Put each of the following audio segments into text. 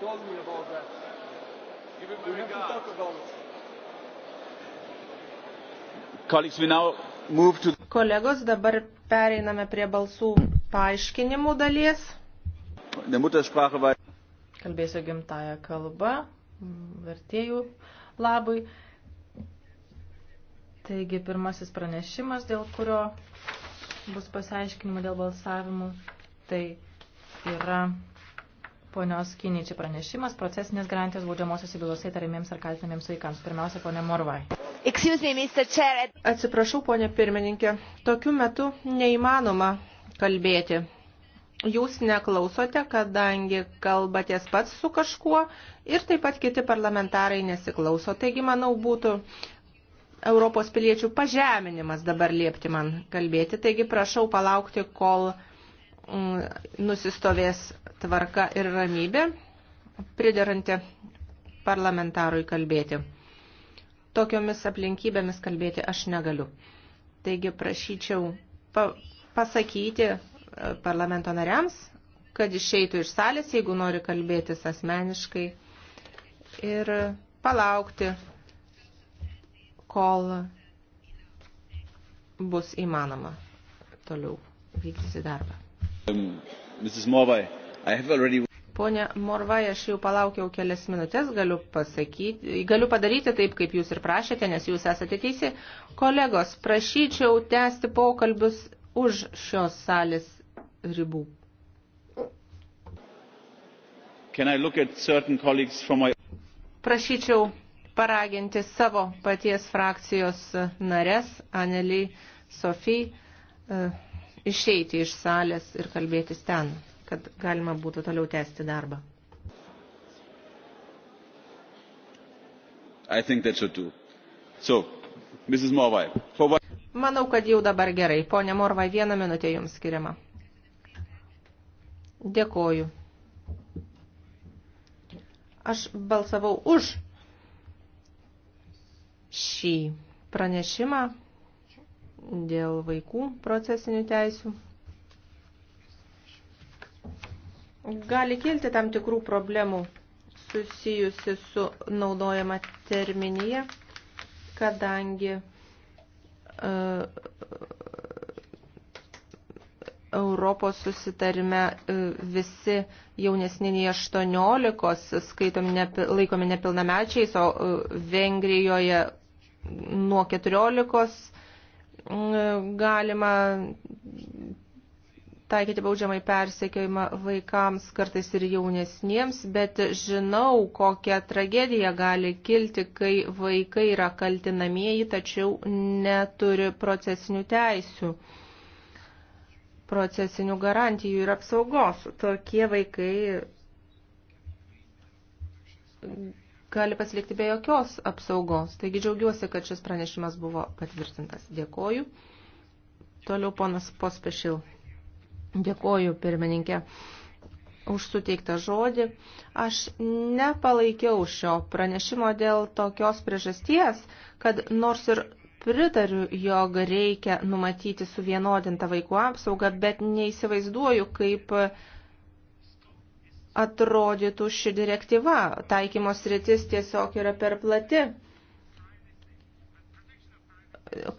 told me about that. Give him we have regard. to talk about it. Colleagues, we now move to... Kolegos, dabar pereiname prie balsų paaiškinimų dalies. Kalbėsiu gimtają kalbą, vertėjų labui. Taigi pirmasis pranešimas, dėl kurio bus pasiaiškinimų dėl balsavimų, tai yra Ponios Kinyčiai pranešimas, procesinės garantijos baudžiamosios bylose įtariamiems ar kaltinamiems vaikams. Pirmiausia, ponė Morvai. Atsiprašau, ponė pirmininkė, tokiu metu neįmanoma kalbėti. Jūs neklausote, kadangi kalbatės pats su kažkuo ir taip pat kiti parlamentarai nesiklauso. Taigi, manau, būtų Europos piliečių pažeminimas dabar liepti man kalbėti. Taigi, prašau palaukti, kol Mm, nusistovės tvarka ir ramybė, prideranti parlamentarui kalbėti. Tokiomis aplinkybėmis kalbėti aš negaliu. Taigi prašyčiau pa pasakyti e, parlamento nariams, kad išeitų iš salės, jeigu nori kalbėtis asmeniškai ir palaukti, kol bus įmanoma toliau vykdyti darbą. Um, already... Pone Morvai, aš jau palaukiau kelias minutės, galiu, pasakyti, galiu padaryti taip, kaip jūs ir prašėte, nes jūs esate teisi. Kolegos, prašyčiau tęsti pokalbius už šios salės ribų. My... Prašyčiau paraginti savo paties frakcijos nares, Anelį, Sofiją. Uh, eh, išeiti iš salės ir kalbėtis ten, kad galima būtų toliau tęsti darbą. I think that should do. So, Mrs. Morvai. For what... Manau, kad jau dabar gerai. Pone Morvai, vieną minutę jums skiriama. Dėkoju. Aš balsavau už šį pranešimą dėl vaikų procesinių teisių. Gali kilti tam tikrų problemų susijusi su naudojama terminija, kadangi uh, Europos susitarime uh, visi jaunesni nei 18 skaitomi nepil, laikomi nepilnamečiais, o uh, Vengrijoje nuo 14 galima taikyti baudžiamai persekiojimą vaikams, kartais ir jaunesniems, bet žinau, kokia tragedija gali kilti, kai vaikai yra kaltinamieji, tačiau neturi procesinių teisių, procesinių garantijų ir apsaugos. Tokie vaikai gali pasilikti be jokios apsaugos. Taigi džiaugiuosi, kad šis pranešimas buvo patvirtintas. Dėkoju. Toliau ponas Pospešil. Dėkoju, pirmininkė, už suteiktą žodį. Aš nepalaikiau šio pranešimo dėl tokios priežasties, kad nors ir pritariu, jog reikia numatyti suvienodintą vaikų apsaugą, bet neįsivaizduoju, kaip uh, atrodytų ši direktyva. Taikymos rytis tiesiog yra per plati.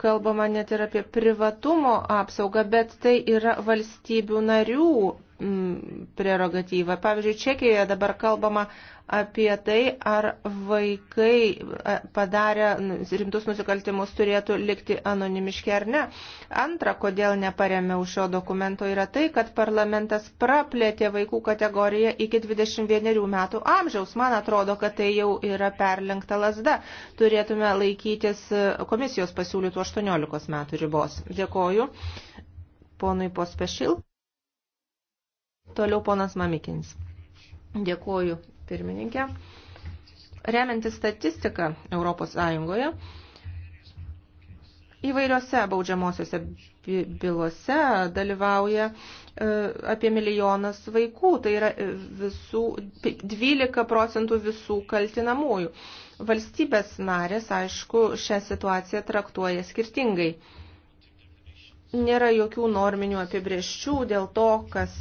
Kalbama net ir apie privatumo apsaugą, bet tai yra valstybių narių Mm, prerogatyvą. Pavyzdžiui, Čekijoje dabar kalbama apie tai, ar vaikai e, padarę rimtus nusikaltimus turėtų likti anonimiški ar ne. Antra, kodėl neparemiau šio dokumento, yra tai, kad parlamentas praplėtė vaikų kategoriją iki 21 metų amžiaus. Man atrodo, kad tai jau yra perlenkta lasda. Turėtume laikytis e, komisijos pasiūlytų 18 metų ribos. Dėkoju. Ponui Pospešil. Toliau ponas Mamikins. Dėkuoju, pirmininkė. Remiantis statistiką Europos Sąjungoje, įvairiose baudžiamosiose bylose dalyvauja e, apie milijonas vaikų, tai yra e, visų, 12 procentų visų kaltinamųjų. Valstybės narės, aišku, šią situaciją traktuoja skirtingai. Nėra jokių norminių apibrieščių dėl to, kas,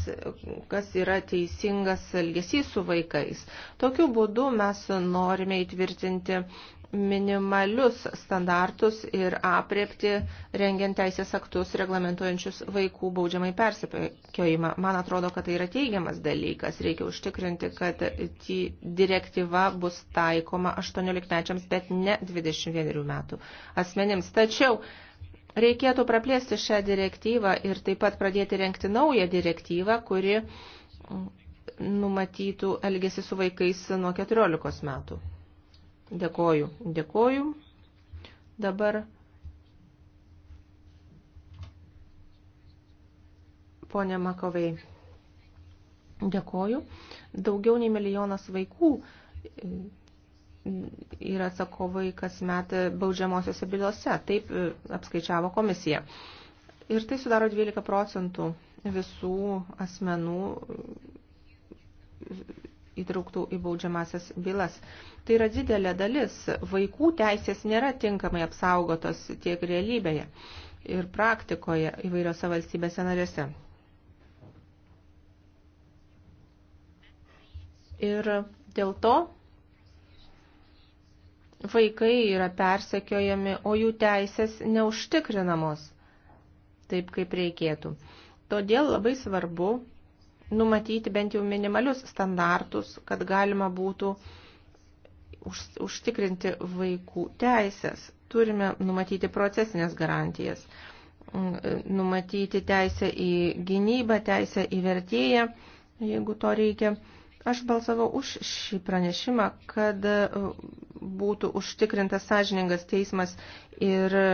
kas yra teisingas elgesys su vaikais. Tokiu būdu mes norime įtvirtinti minimalius standartus ir apriepti, rengiant teisės aktus reglamentuojančius vaikų baudžiamai persipekiojimą. Man atrodo, kad tai yra teigiamas dalykas. Reikia užtikrinti, kad direktyva bus taikoma 18-mečiams, bet ne 21 metų asmenims. Tačiau Reikėtų praplėsti šią direktyvą ir taip pat pradėti renkti naują direktyvą, kuri numatytų elgesį su vaikais nuo 14 metų. Dėkoju. Dėkoju. Dabar ponė Makovai. Dėkoju. Daugiau nei milijonas vaikų yra atsakovai kasmet baudžiamosiose bylose. Taip e, apskaičiavo komisija. Ir tai sudaro 12 procentų visų asmenų e, įtrauktų į baudžiamasias bylas. Tai yra didelė dalis. Vaikų teisės nėra tinkamai apsaugotos tiek realybėje ir praktikoje įvairiose valstybėse narėse. Ir dėl to vaikai yra persekiojami, o jų teisės neužtikrinamos taip, kaip reikėtų. Todėl labai svarbu numatyti bent jau minimalius standartus, kad galima būtų už, užtikrinti vaikų teisės. Turime numatyti procesinės garantijas, mm, numatyti teisę į gynybą, teisę į vertėją, jeigu to reikia. Aš balsavau už šį pranešimą, kad e, būtų užtikrintas sąžiningas teismas ir e,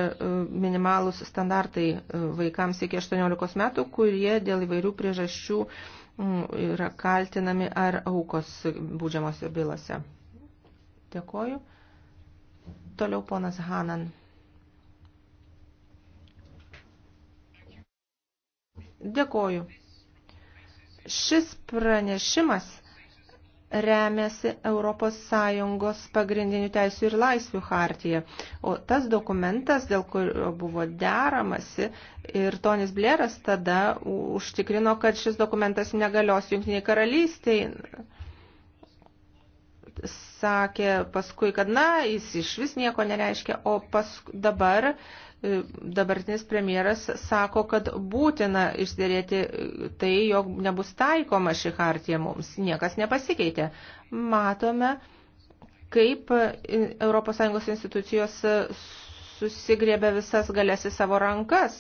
minimalus standartai e, vaikams iki 18 metų, kurie dėl įvairių priežasčių yra kaltinami ar aukos būdžiamose bylose. Dėkoju. Toliau ponas Hanan. Dėkoju. Šis pranešimas remiasi ES pagrindinių teisų ir laisvių hartija. O tas dokumentas, dėl kurio buvo deramasi, ir Tonis Blėras tada užtikrino, kad šis dokumentas negalios Junktiniai karalystiai. Sakė paskui, kad na, jis iš vis nieko nereiškia, o pask... dabar E, dabartinis premjeras sako, kad būtina išdėrėti e, tai, jog nebus taikoma ši hartija mums. Niekas nepasikeitė. Matome, kaip ES institucijos e, susigrėbė visas galės į savo rankas.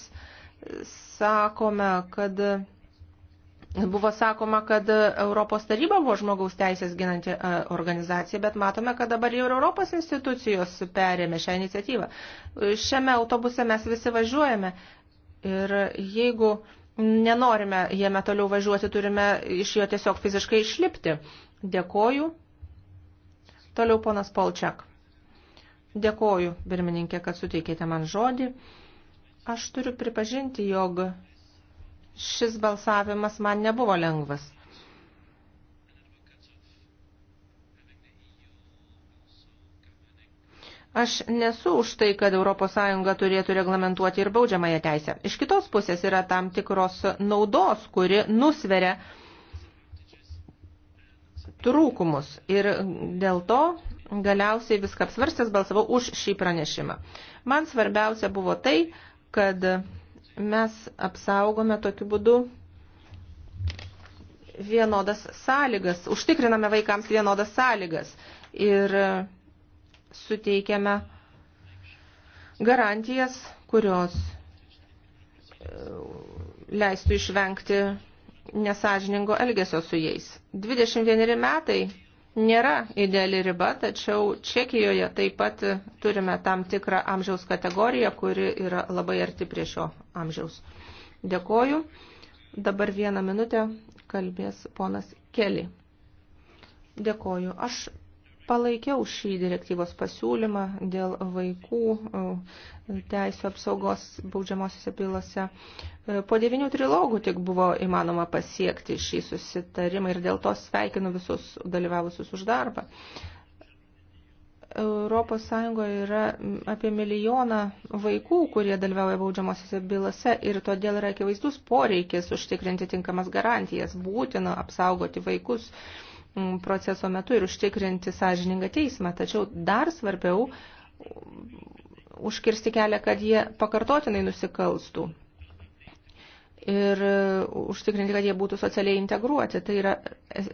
Sakome, kad Buvo sakoma, kad Europos taryba buvo žmogaus teisės ginanti e, organizacija, bet matome, kad dabar jau ir Europos institucijos perėmė šią iniciatyvą. Šiame autobuse mes visi važiuojame ir jeigu nenorime jame toliau važiuoti, turime iš jo tiesiog fiziškai išlipti. Dėkoju. Toliau ponas Polčiak. Dėkoju, birmininkė, kad suteikėte man žodį. Aš turiu pripažinti, jog šis balsavimas man nebuvo lengvas. Aš nesu už tai, kad ES turėtų reglamentuoti ir baudžiamąją teisę. Iš kitos pusės yra tam tikros naudos, kuri nusveria trūkumus. Ir dėl to galiausiai viską apsvarstęs balsavau už šį pranešimą. Man svarbiausia buvo tai, kad mes apsaugome tokiu būdu vienodas sąlygas, užtikriname vaikams vienodas sąlygas ir suteikiame garantijas, kurios e, leistų išvengti nesažiningo elgesio su jais. 21 metai nėra ideali riba, tačiau Čekijoje taip pat turime tam tikrą amžiaus kategoriją, kuri yra labai arti prie šio amžiaus. Dėkoju. Dabar vieną minutę kalbės ponas Keli. Dėkoju. Aš palaikiau šį direktyvos pasiūlymą dėl vaikų e, teisų apsaugos baudžiamosiose bylose. E, po devinių trilogų tik buvo įmanoma pasiekti šį susitarimą ir dėl to sveikinu visus dalyvavusius už darbą. Europos Sąjungoje yra apie milijoną vaikų, kurie dalyvauja baudžiamosiose bylose ir todėl yra akivaizdus poreikis užtikrinti tinkamas garantijas, būtina apsaugoti vaikus mm, proceso metu ir užtikrinti sąžiningą teismą. Tačiau dar svarbiau užkirsti kelią, kad jie pakartotinai nusikalstų ir e, užtikrinti, kad jie būtų socialiai integruoti. Tai yra e,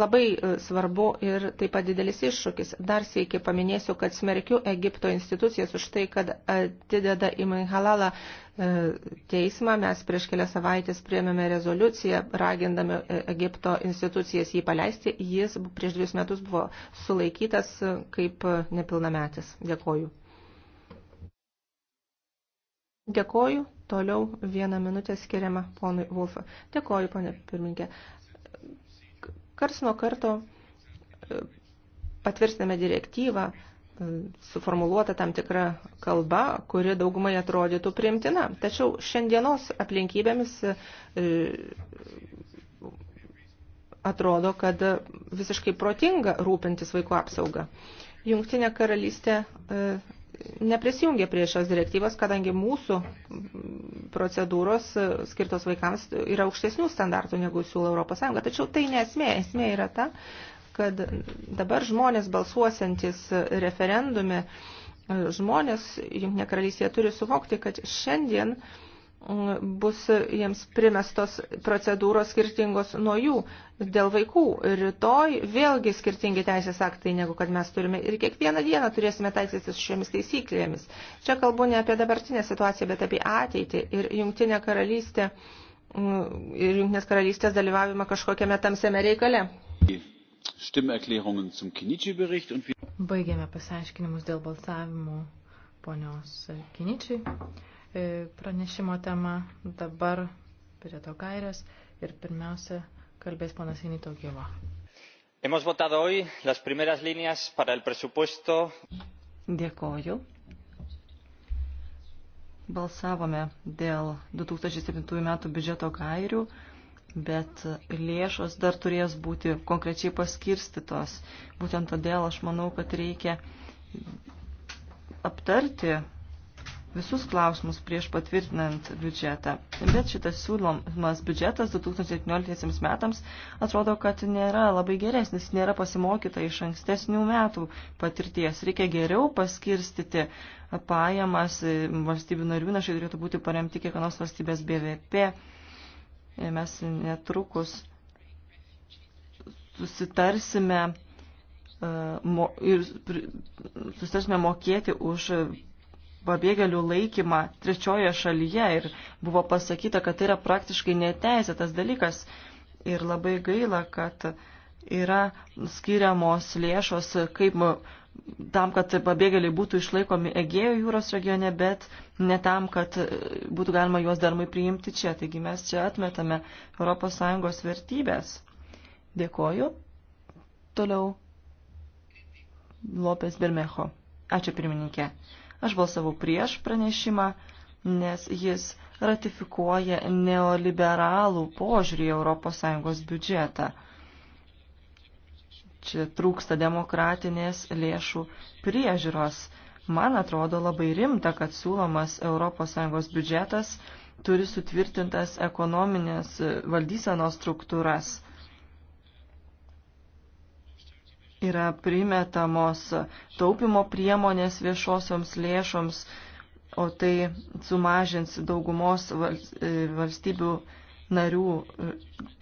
labai e, svarbu ir taip pat didelis iššūkis. Dar sveiki paminėsiu, kad smerkiu Egipto institucijas už tai, kad atideda į Maihalalą teismą. Mes prieš kelias savaitės priėmėme rezoliuciją, ragindami Egipto institucijas jį paleisti. Jis prieš dvius metus buvo sulaikytas kaip nepilnametis. Dėkoju. Dėkoju. Toliau vieną minutę skiriama ponui Wolfui. Dėkoju, ponė pirminkė. Kars nuo karto e, patvirtiname direktyvą, e, suformuluota tam tikra kalba, kuri daugumai atrodytų priimtina. Tačiau šiandienos aplinkybėmis e, atrodo, kad visiškai protinga rūpintis vaikų apsauga. Jungtinė karalystė neprisijungė prie šios direktyvos, kadangi mūsų procedūros skirtos vaikams yra aukštesnių standartų negu siūlo Europos Sąjunga. Tačiau tai nesmė. Esmė yra ta, kad dabar žmonės balsuosiantis referendume, žmonės Junktinė karalystėje turi suvokti, kad šiandien uh, bus jiems primestos procedūros skirtingos nuo jų dėl vaikų. Rytoj vėlgi skirtingi teisės aktai, negu kad mes turime. Ir kiekvieną dieną turėsime taisytis šiomis taisyklėmis. Čia kalbu ne apie dabartinę situaciją, bet apie ateitį. Ir jungtinė karalystė mm, ir jungtinės karalystės dalyvavimą kažkokiame tamsiame reikale. Baigėme pasiaiškinimus dėl balsavimų ponios Kiničiai. E, pranešimo tema dabar prie to gairės ir pirmiausia kalbės ponas Inito Gila. Hemos votado hoy las primeras líneas para el presupuesto. Dėkoju. Balsavome dėl 2007 metų biudžeto gairių, bet lėšos dar turės būti konkrečiai paskirstytos. Būtent todėl aš manau, kad reikia aptarti visus klausimus prieš patvirtinant biudžetą. Bet šitas siūlomas biudžetas 2017 metams atrodo, kad nėra labai geresnis, nėra pasimokyta iš ankstesnių metų patirties. Reikia geriau paskirstyti pajamas valstybių narių, našai turėtų būti paremti kiekvienos valstybės BVP. Mes netrukus susitarsime e, ir susitarsime mokėti už pabėgėlių laikymą trečioje šalyje ir buvo pasakyta, kad tai yra praktiškai neteisėtas dalykas. Ir labai gaila, kad yra skiriamos lėšos kaip tam, kad pabėgėliai būtų išlaikomi Egėjo jūros regione, bet ne tam, kad būtų galima juos darmai priimti čia. Taigi mes čia atmetame ES vertybės. Dėkoju. Toliau. Lopes Bermejo. Ačiū pirmininkė. Aš balsavau prieš pranešimą, nes jis ratifikuoja neoliberalų požiūrį ES biudžetą. Čia trūksta demokratinės lėšų priežiūros. Man atrodo labai rimta, kad siūlomas ES biudžetas turi sutvirtintas ekonominės valdysenos struktūras yra primetamos taupimo priemonės viešosioms lėšoms, o tai sumažins daugumos e, valstybių narių e,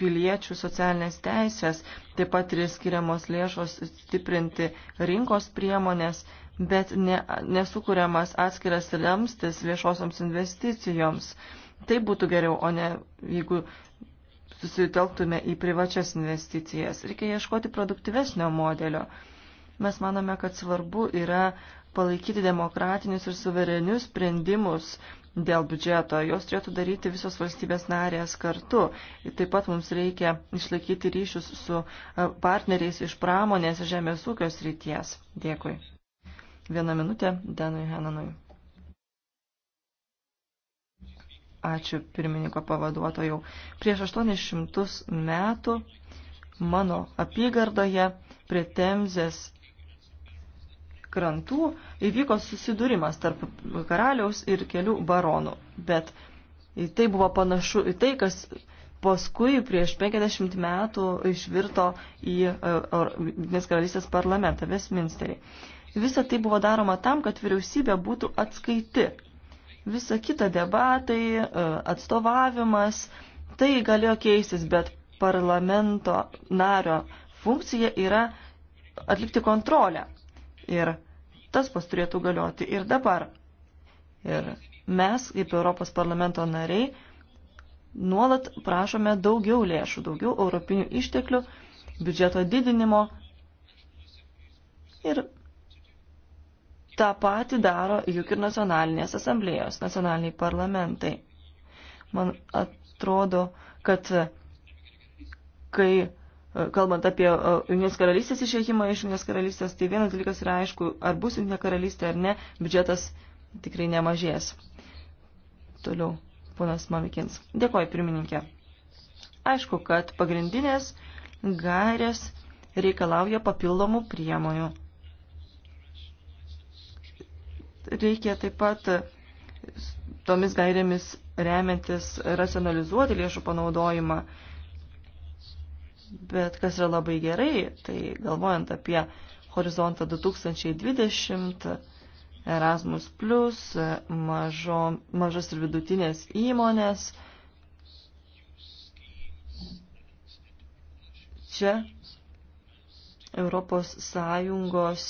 piliečių socialinės teisės, taip pat ir skiriamos lėšos stiprinti rinkos priemonės, bet ne, nesukūriamas atskiras remstis viešosioms investicijoms. Tai būtų geriau, o ne jeigu susitelktume į privačias investicijas. Reikia ieškoti produktyvesnio modelio. Mes manome, kad svarbu yra palaikyti demokratinius ir suverenius sprendimus dėl biudžeto. Jos turėtų daryti visos valstybės narės kartu. Ir taip pat mums reikia išlaikyti ryšius su e, partneriais iš pramonės ir žemės ūkio srities. Dėkui. Vieną minutę Denui Henanui. Ačiū pirmininko pavaduotojau. Prieš 800 metų mano apygardoje prie Temzės krantų įvyko susidūrimas tarp karaliaus ir kelių baronų. Bet tai buvo panašu į tai, kas paskui prieš 50 metų išvirto į e, Junktinės karalystės parlamentą Westminsterį. Visa tai buvo daroma tam, kad vyriausybė būtų atskaiti Visa kita debatai, e, atstovavimas, tai galėjo keistis, bet parlamento nario funkcija yra atlikti kontrolę. Ir tas pas turėtų galioti ir dabar. Ir mes, kaip Europos parlamento nariai, nuolat prašome daugiau lėšų, daugiau europinių išteklių, biudžeto didinimo. Ir tą patį daro juk ir nacionalinės asamblėjos, nacionaliniai parlamentai. Man atrodo, kad e, kai e, kalbant apie e, Junginės karalystės išėjimą iš Junginės karalystės, tai vienas dalykas yra aišku, ar bus Junginė karalystė ar ne, biudžetas tikrai nemažės. Toliau, ponas Mamikins. Dėkoju, pirmininkė. Aišku, kad pagrindinės gairės reikalauja papildomų priemonių reikia taip pat tomis gairėmis remiantis racionalizuoti lėšų panaudojimą. Bet kas yra labai gerai, tai galvojant apie horizontą 2020, Erasmus, mažo, mažas ir vidutinės įmonės, čia Europos Sąjungos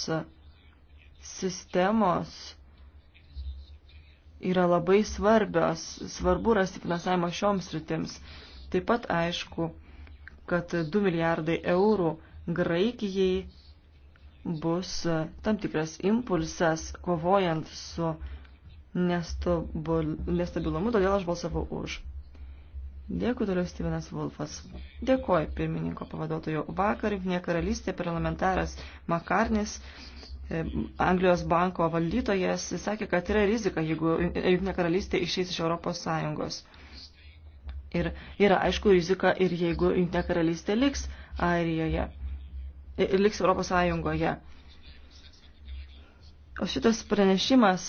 sistemos yra labai svarbios, svarbu rasti finansavimą šioms rytims. Taip pat aišku, kad 2 milijardai eurų Graikijai bus tam tikras impulsas kovojant su nestabilumu, todėl aš balsavau už. Dėkui toliau Stevenas Wolfas. Dėkoju pirmininko pavaduotojo. Vakar Junktinė karalystė parlamentaras Makarnis E, Anglijos banko valdytojas sakė, kad yra rizika, jeigu Junktinė karalystė išeis iš Europos Sąjungos. Ir yra aišku rizika ir jeigu Junktinė karalystė liks Airijoje, ir e, liks Europos Sąjungoje. O šitas pranešimas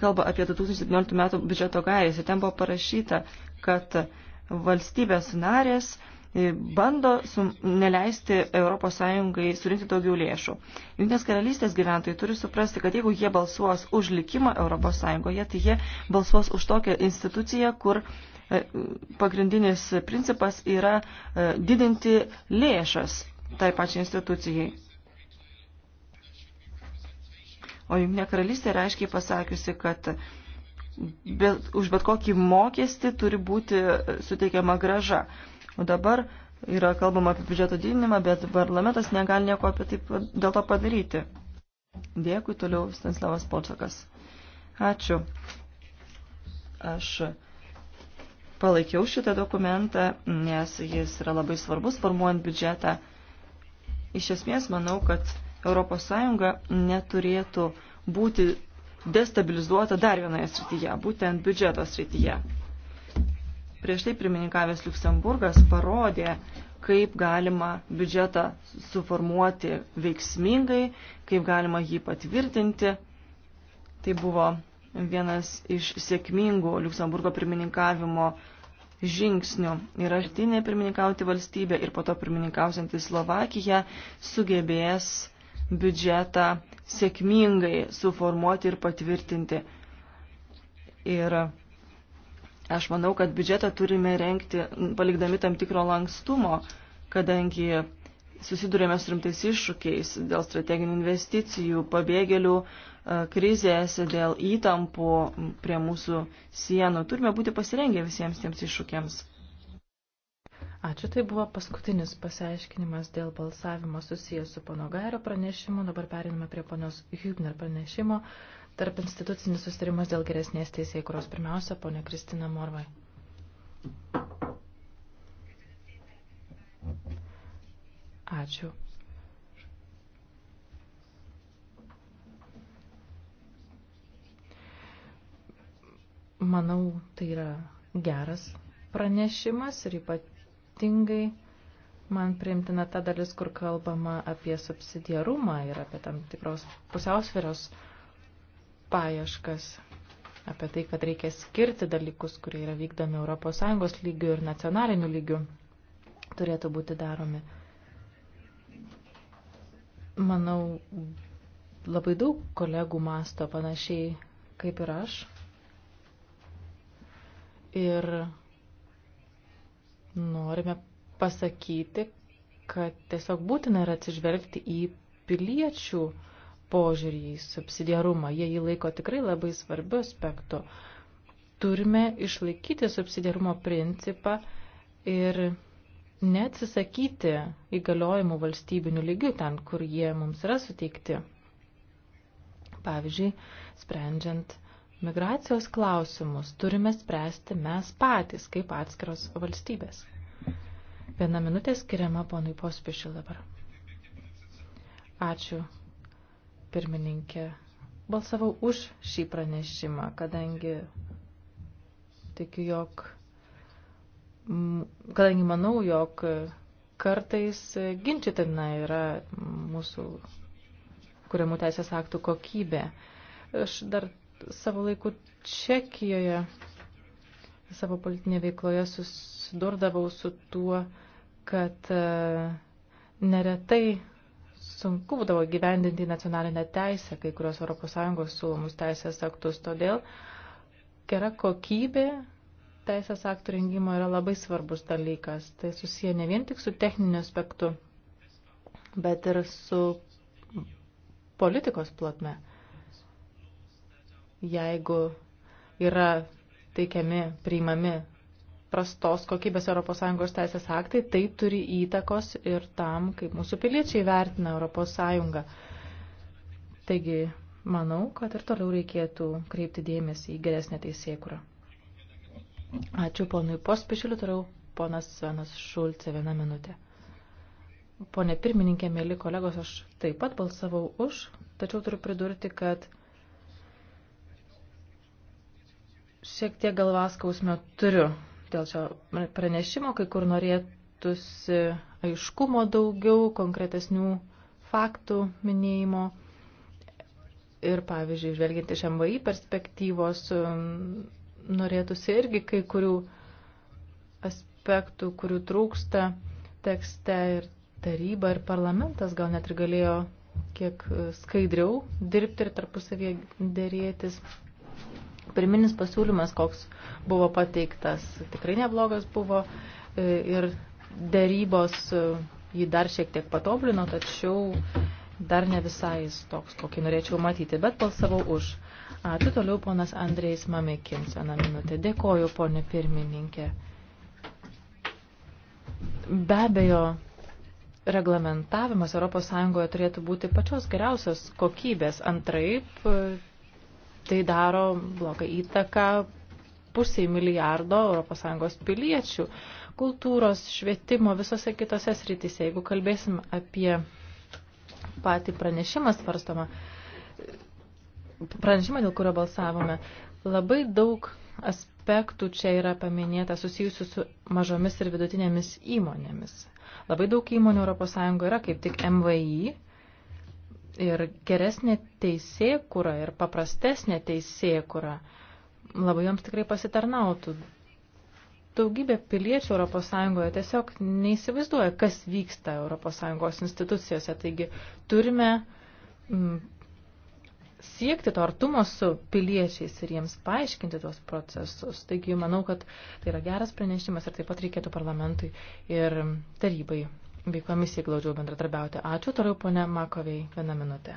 kalba apie 2017 metų biudžeto gairės ir ten buvo parašyta, kad valstybės narės E, bando sum, neleisti ES surinkti daugiau lėšų. Junktinės karalystės gyventojai turi suprasti, kad jeigu jie balsuos už likimą ES, tai jie balsuos už tokią instituciją, kur e, pagrindinis principas yra e, didinti lėšas tai pačiai institucijai. O Junktinė karalystė yra aiškiai pasakiusi, kad bet, už bet kokį mokestį turi būti suteikiama graža. O dabar yra kalbama apie biudžeto didinimą, bet parlamentas negali nieko apie tai dėl to padaryti. Dėkui toliau Stanislavas Polčakas. Ačiū. Aš palaikiau šitą dokumentą, nes jis yra labai svarbus formuojant biudžetą. Iš esmės manau, kad ES neturėtų būti destabilizuota dar vienoje srityje, būtent biudžeto srityje. Prieš tai pirmininkavęs Luksemburgas parodė, kaip galima biudžetą suformuoti veiksmingai, kaip galima jį patvirtinti. Tai buvo vienas iš sėkmingų Luksemburgo pirmininkavimo žingsnių. Ir artinė pirmininkauti valstybė ir po to pirmininkausianti Slovakija sugebės biudžetą sėkmingai suformuoti ir patvirtinti. Ir Aš manau, kad biudžetą turime renkti palikdami tam tikro lankstumo, kadangi susidurėme su rimtais iššūkiais dėl strateginių investicijų, pabėgėlių e, krizės, dėl įtampų prie mūsų sienų. Turime būti pasirengę visiems tiems iššūkiams. Ačiū, tai buvo paskutinis pasiaiškinimas dėl balsavimo susijęs su pono Gairio pranešimu. Dabar periname prie ponios Hübner pranešimo. Tarp institucinis sustarimas dėl geresnės teisėjai, kurios pirmiausia, ponė Kristina Morvai. Ačiū. Manau, tai yra geras pranešimas ir ypatingai man priimtina ta dalis, kur kalbama apie subsidiarumą ir apie tam tikros pusiausvėros uh, paieškas, apie tai, kad reikia skirti dalykus, kurie yra vykdomi ES lygių ir nacionalinių lygių, turėtų būti daromi. Manau, labai daug kolegų masto panašiai kaip ir aš. Ir norime pasakyti, kad tiesiog būtina yra atsižvelgti į piliečių uh, požiūrį į subsidiarumą. Jie jį laiko tikrai labai svarbiu aspektu. Turime išlaikyti subsidiarumo principą ir neatsisakyti įgaliojimų valstybinių lygių ten, kur jie mums yra suteikti. Pavyzdžiui, sprendžiant migracijos klausimus turime spręsti mes patys, kaip atskiros valstybės. Viena minutė skiriama ponui pospiešiu dabar. Ačiū, pirmininkė. Balsavau už šį pranešimą, kadangi tikiu, jog, kadangi manau, jog kartais ginčitina yra mūsų kuriamų teisės aktų kokybė. Aš dar savo laiku Čekijoje savo politinėje veikloje susidurdavau su tuo, kad e, neretai sunku būdavo gyvendinti nacionalinę teisę, kai kurios ES siūlomus teisės aktus. Todėl gera kokybė teisės aktų rengimo yra labai svarbus dalykas. Tai susiję ne vien tik su techniniu aspektu, bet ir su politikos plotme. Jeigu yra teikiami, priimami prastos kokybės ES teisės aktai, tai turi įtakos ir tam, kaip mūsų piliečiai vertina ES. Taigi, manau, kad ir toliau reikėtų kreipti dėmesį į geresnę teisėkurą. Ačiū ponui Pospišiliu, toliau ponas Svenas Šulce vieną minutę. Pone pirmininkė, mėly kolegos, aš taip pat balsavau už, tačiau turiu pridurti, kad šiek tiek galvaskausmio turiu dėl šio pranešimo, kai kur norėtųsi aiškumo daugiau, konkretesnių faktų minėjimo. Ir, pavyzdžiui, žvelgiant iš MVI perspektyvos, norėtųsi irgi kai kurių aspektų, kurių trūksta tekste ir taryba ir parlamentas gal net ir galėjo kiek skaidriau dirbti ir tarpusavėje dėrėtis. Pirminis pasiūlymas, koks buvo pateiktas, tikrai neblogas buvo e, ir darybos e, jį dar šiek tiek patobulino, tačiau dar ne visai jis toks, kokį norėčiau matyti, bet balsavau už. Ačiū toliau ponas Andrejs Mamikins, vieną minutę. Dėkoju, ponė pirmininkė. Be abejo, reglamentavimas ES turėtų būti pačios geriausios kokybės, antraip Tai daro blogą įtaką pusiai milijardo ES piliečių kultūros, švietimo, visose kitose srityse. Jeigu kalbėsim apie patį pranešimą svarstomą, pranešimą, dėl kurio balsavome, labai daug aspektų čia yra paminėta susijusių su mažomis ir vidutinėmis įmonėmis. Labai daug įmonių ES yra kaip tik MVI ir geresnė teisėkura ir paprastesnė teisėkura labai joms tikrai pasitarnautų. Daugybė piliečių ES tiesiog neįsivaizduoja, kas vyksta ES institucijose, taigi turime mm, siekti to artumo su piliečiais ir jiems paaiškinti tuos procesus. Taigi manau, kad tai yra geras pranešimas ir taip pat reikėtų parlamentui ir tarybai bei komisijai glaudžiau bendradarbiauti. Ačiū, toliau ponė Makoviai, vieną minutę.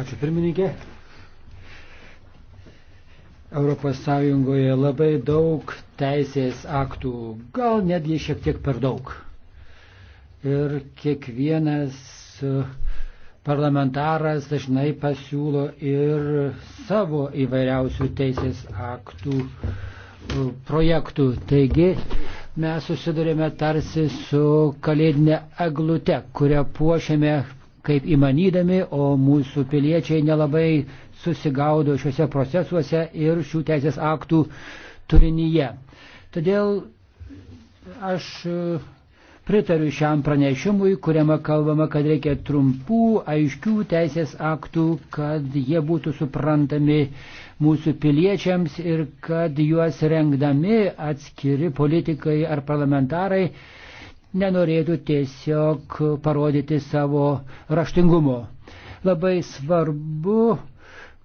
Ačiū pirmininkė. Europos Sąjungoje labai daug teisės aktų, gal netgi šiek tiek per daug. Ir kiekvienas parlamentaras dažnai pasiūlo ir savo įvairiausių teisės aktų projektų. Taigi mes susidurėme tarsi su kalėdinė eglute, kurią puošiame kaip įmanydami, o mūsų piliečiai nelabai susigaudo šiuose procesuose ir šių teisės aktų turinyje. Todėl aš pritariu šiam pranešimui, kuriame kalbama, kad reikia trumpų, aiškių teisės aktų, kad jie būtų suprantami mūsų piliečiams ir kad juos rengdami atskiri politikai ar parlamentarai nenorėtų tiesiog parodyti savo raštingumo. Labai svarbu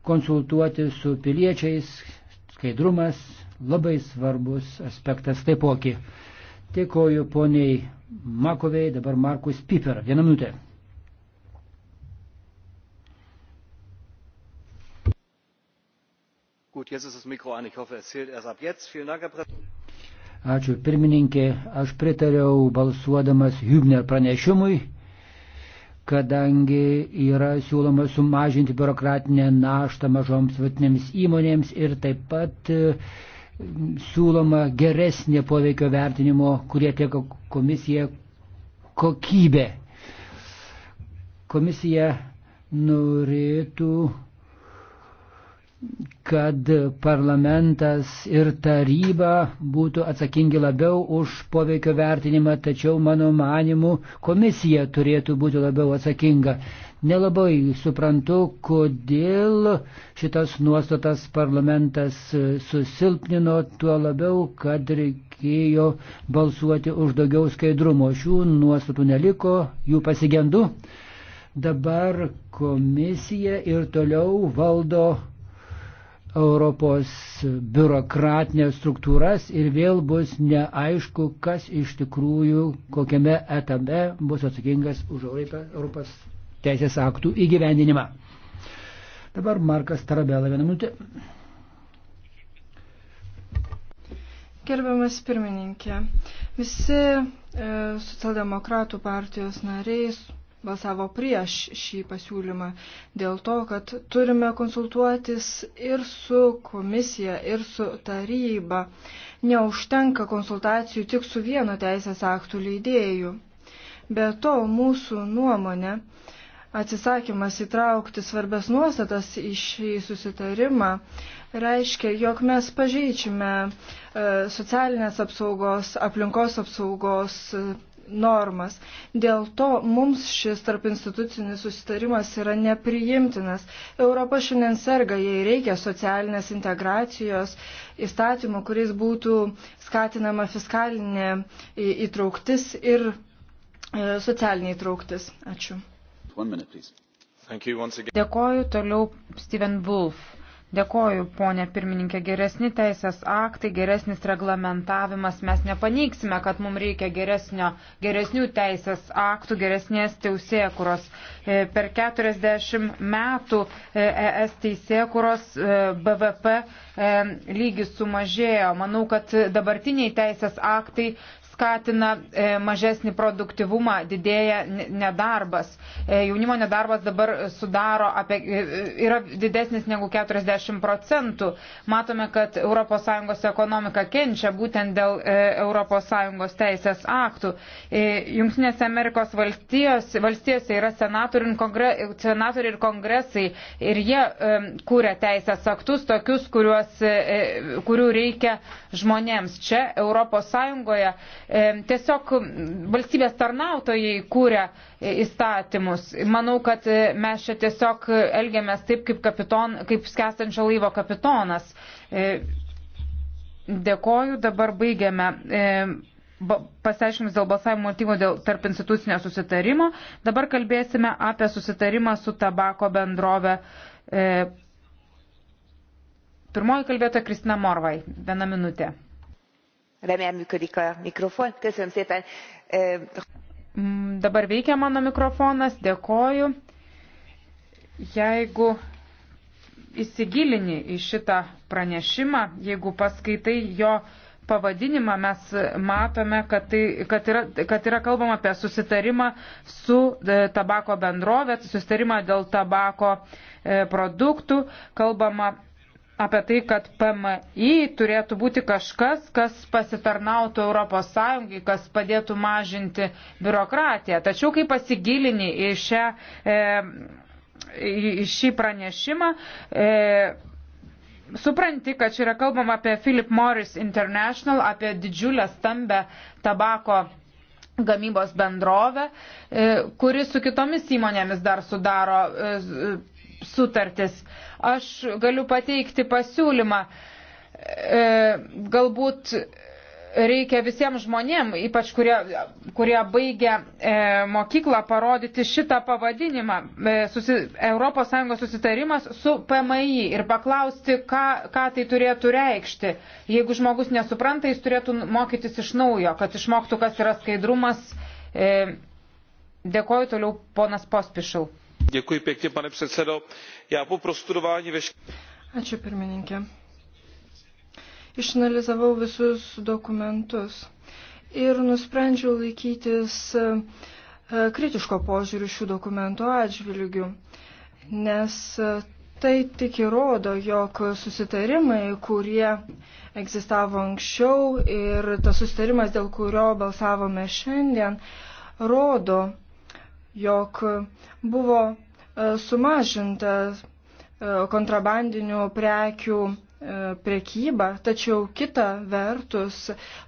konsultuoti su piliečiais, skaidrumas labai svarbus aspektas taipogi. Dėkoju poniai Makovei, dabar Markus Piper. Vieną minutę. Gut, jetzt ist das Mikro an. Ich hoffe, es zählt erst ab jetzt. Vielen Dank, Herr Präsident. Ačiū pirmininkė, aš pritariau balsuodamas Hübner pranešimui, kadangi yra siūloma sumažinti biurokratinę naštą mažoms vatinėms įmonėms ir taip pat uh, siūloma geresnė poveikio vertinimo, kurie atlieka komisija kokybė. Komisija norėtų kad parlamentas ir taryba būtų atsakingi labiau už poveikio vertinimą, tačiau mano manimu komisija turėtų būti labiau atsakinga. Nelabai suprantu, kodėl šitas nuostatas parlamentas susilpnino, tuo labiau, kad reikėjo balsuoti už daugiau skaidrumo. Šių nuostatų neliko, jų pasigendu. Dabar komisija ir toliau valdo Europos biurokratinės struktūras ir vėl bus neaišku, kas iš tikrųjų, kokiame etape bus atsakingas už Europos teisės aktų įgyvendinimą. Dabar Markas Tarabela vieną minutę. Gerbiamas pirmininkė, visi e, socialdemokratų partijos nariais balsavo prieš šį pasiūlymą dėl to, kad turime konsultuotis ir su komisija, ir su taryba. Neužtenka konsultacijų tik su vienu teisės aktų leidėju. Be to, mūsų nuomonė, atsisakymas įtraukti svarbes nuostatas į šį susitarimą reiškia, jog mes pažeičiame e, socialinės apsaugos, aplinkos apsaugos normas. Dėl to mums šis tarp institucinis susitarimas yra nepriimtinas. Europa šiandien serga, jei reikia socialinės integracijos įstatymų, kuris būtų skatinama fiskalinė įtrauktis ir e, socialinė įtrauktis. Ačiū. Minute, Dėkoju toliau Steven Wolf. Dėkoju, ponė pirmininkė, geresni teisės aktai, geresnis reglamentavimas. Mes nepaneiksime, kad mums reikia geresnio, geresnių teisės aktų, geresnės teisėkuros. E, per 40 metų ES e teisėkuros e, BVP lygis sumažėjo. Manau, kad dabartiniai teisės aktai skatina e, mažesnį produktivumą, didėja nedarbas. E, jaunimo nedarbas dabar sudaro apie, e, yra didesnis negu 40 procentų. Matome, kad ES ekonomika kenčia būtent dėl ES teisės aktų. Junktinėse Amerikos valstijose, valstijose yra senatoriai ir, kongre, senatoriai ir kongresai ir jie kūrė teisės aktus, tokius, kuriuos, kurių reikia žmonėms. Čia ES E, tiesiog valstybės tarnautojai kūrė e, įstatymus. Manau, kad e, mes čia tiesiog elgiamės taip, kaip, kapiton, kaip skęstančio laivo kapitonas. Dėkoju, dabar baigiame pasiaiškinimus dėl balsavimo motyvo dėl tarp institucinio susitarimo. Dabar kalbėsime apie susitarimą su tabako bendrove. Pirmoji kalbėtoja Kristina Morvai. Viena minutė remélem működik a mikrofon. Köszönöm szépen. Mm, dabar veikia mano mikrofonas, dėkoju. Jeigu įsigilini į šitą pranešimą, jeigu paskaitai jo pavadinimą, mes matome, kad, tai, kad, yra, kad yra kalbama apie susitarimą su e, tabako bendrovė, susitarimą dėl tabako e, produktų, kalbama apie tai, kad PMI turėtų būti kažkas, kas pasitarnautų Europos Sąjungai, kas padėtų mažinti biurokratiją. Tačiau, kai pasigilini į, šią, e, į šį pranešimą, e, supranti, kad čia yra kalbama apie Philip Morris International, apie didžiulę stambę tabako gamybos bendrovę, e, kuri su kitomis įmonėmis dar sudaro e, sutartis. Aš galiu pateikti pasiūlymą. E, galbūt reikia visiems žmonėm, ypač kurie, kurie baigia e, mokyklą, parodyti šitą pavadinimą e, susi, ES susitarimas su PMI ir paklausti, ką, ką tai turėtų reikšti. Jeigu žmogus nesupranta, jis turėtų mokytis iš naujo, kad išmoktų, kas yra skaidrumas. E, dėkoju toliau ponas Pospišau pane předsedající já po prostudování veškerých. išanalizavau visus dokumentus ir nusprendžiau laikytis e, kritiško požiūrių šių dokumentų atžvilgių nes e, tai tik įrodo jog susitarimai kurie egzistavo anksčiau ir tas susitarimas dėl kurio balsavome šiandien rodo jog buvo e, sumažinta e, kontrabandinių prekių e, prekyba, tačiau kita vertus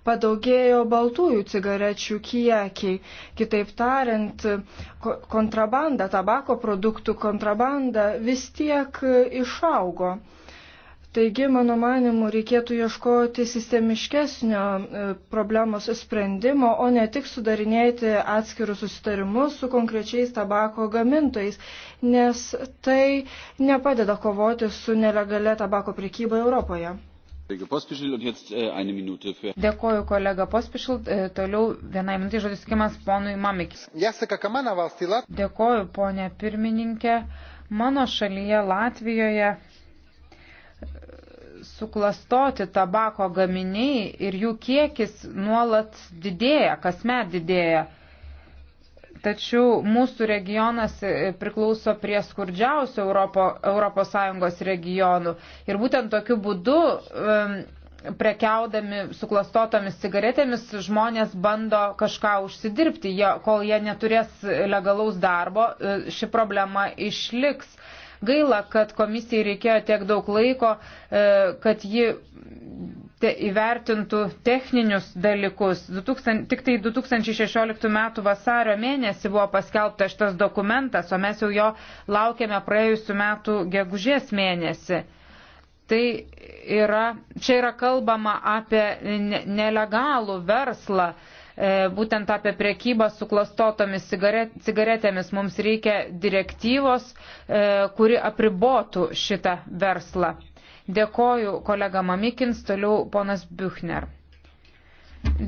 padaugėjo baltųjų cigarečių kiekiai. Kitaip tariant, kontrabanda, tabako produktų kontrabanda vis tiek išaugo. Taigi, mano manimu, reikėtų ieškoti sistemiškesnio e, problemos sprendimo, o ne tik sudarinėti atskirus susitarimus su konkrečiais tabako gamintojais, nes tai nepadeda kovoti su nelegale tabako prekyba Europoje. E, Dėkoju kolega Pospišil, e, toliau vienai minutai žodis skimas ponui Mamikis. Dėkoju ponė pirmininkė, mano šalyje Latvijoje suklastoti tabako gaminiai ir jų kiekis nuolat didėja, kasmet didėja. Tačiau mūsų regionas e, priklauso prie skurdžiausių Europo, ES regionų. Ir būtent tokiu būdu um, prekiaudami suklastotomis cigaretėmis žmonės bando kažką užsidirbti. Jie, kol jie neturės legalaus darbo, e, ši problema išliks. Gaila, kad komisijai reikėjo tiek daug laiko, e, kad ji te įvertintų techninius dalykus. 2000, tik tai 2016 m. vasario mėnesį buvo paskelbta šitas dokumentas, o mes jau jo laukiame praėjusiu metu gegužės mėnesį. Tai yra, čia yra kalbama apie nelegalų verslą. E, E, būtent apie priekybą su klastotomis cigaretėmis. Mums reikia direktyvos, e, kuri apribotų šitą verslą. Dėkoju kolega Mamikins, toliau ponas Büchner.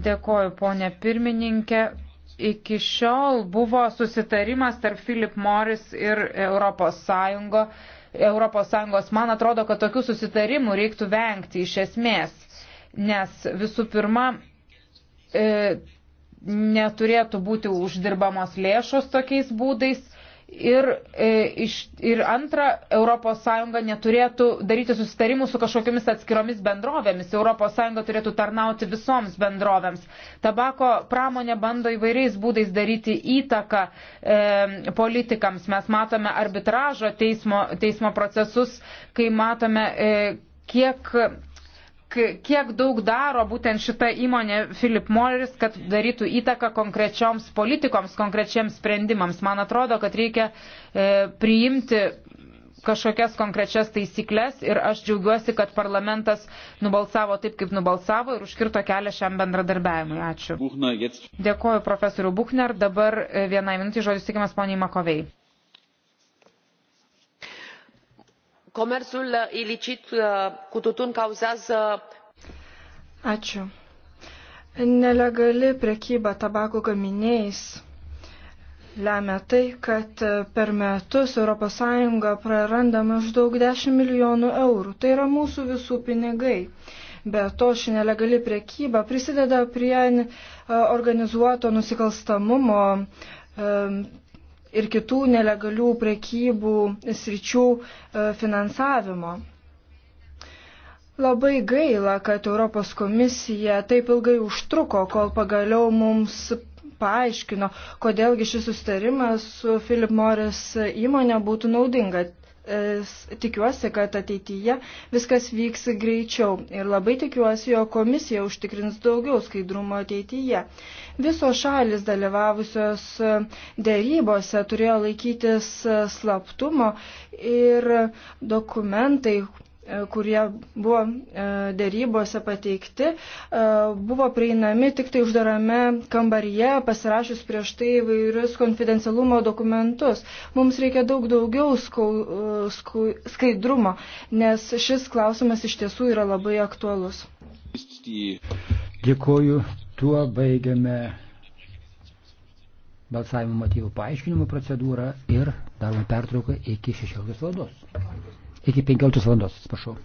Dėkoju ponė pirmininkė iki šiol buvo susitarimas tarp Philip Morris ir Europos Sąjungo. Europos Sąjungos, man atrodo, kad tokių susitarimų reiktų vengti iš esmės, nes visų pirma, e, neturėtų būti uždirbamos lėšos tokiais būdais. Ir, e, ir antra, ES neturėtų daryti susitarimų su kažkokiamis atskiromis bendrovėmis. ES turėtų tarnauti visoms bendrovėms. Tabako pramonė bando įvairiais būdais daryti įtaką e, politikams. Mes matome arbitražo teismo, teismo procesus, kai matome, e, kiek kiek daug daro būtent šita įmonė Philip Morris, kad darytų įtaką konkrečioms politikoms, konkrečiems sprendimams. Man atrodo, kad reikia e, priimti kažkokias konkrečias taisyklės ir aš džiaugiuosi, kad parlamentas nubalsavo taip, kaip nubalsavo ir užkirto kelią šiam bendradarbiavimui. Ačiū. Buchner, Dėkuoju profesoriu Buchner. Dabar e, vienai minutį žodis tikimas poniai Makovei. comerțul ilicit uh, cu tutun cauzează. Ačiū. Nelegali prekyba tabako gaminiais lemia tai, kad uh, per metus ES praranda maždaug 10 milijonų eurų. Tai yra mūsų visų pinigai. Be to, ši nelegali priekyba prisideda prie uh, organizuoto nusikalstamumo um, ir kitų nelegalių prekybų sričių e, finansavimo. Labai gaila, kad Europos komisija taip ilgai užtruko, kol pagaliau mums paaiškino, kodėlgi šis sustarimas su Philip Morris įmonė būtų naudinga. E, tikiuosi, kad ateityje viskas vyks greičiau ir labai tikiuosi, jo komisija užtikrins daugiau skaidrumo ateityje. Visos šalis dalyvavusios dėrybose turėjo laikytis slaptumo ir dokumentai, E, kurie buvo e, dėrybose pateikti, e, buvo prieinami tik tai uždarame kambaryje, pasirašius prieš tai įvairius konfidencialumo dokumentus. Mums reikia daug daugiau skau, skau, skaidrumo, nes šis klausimas iš tiesų yra labai aktualus. Dėkoju, tuo baigiame balsavimo motyvų paaiškinimo procedūrą ir darome pertrauką iki 16 valandos iki 15 valandos, atsiprašau.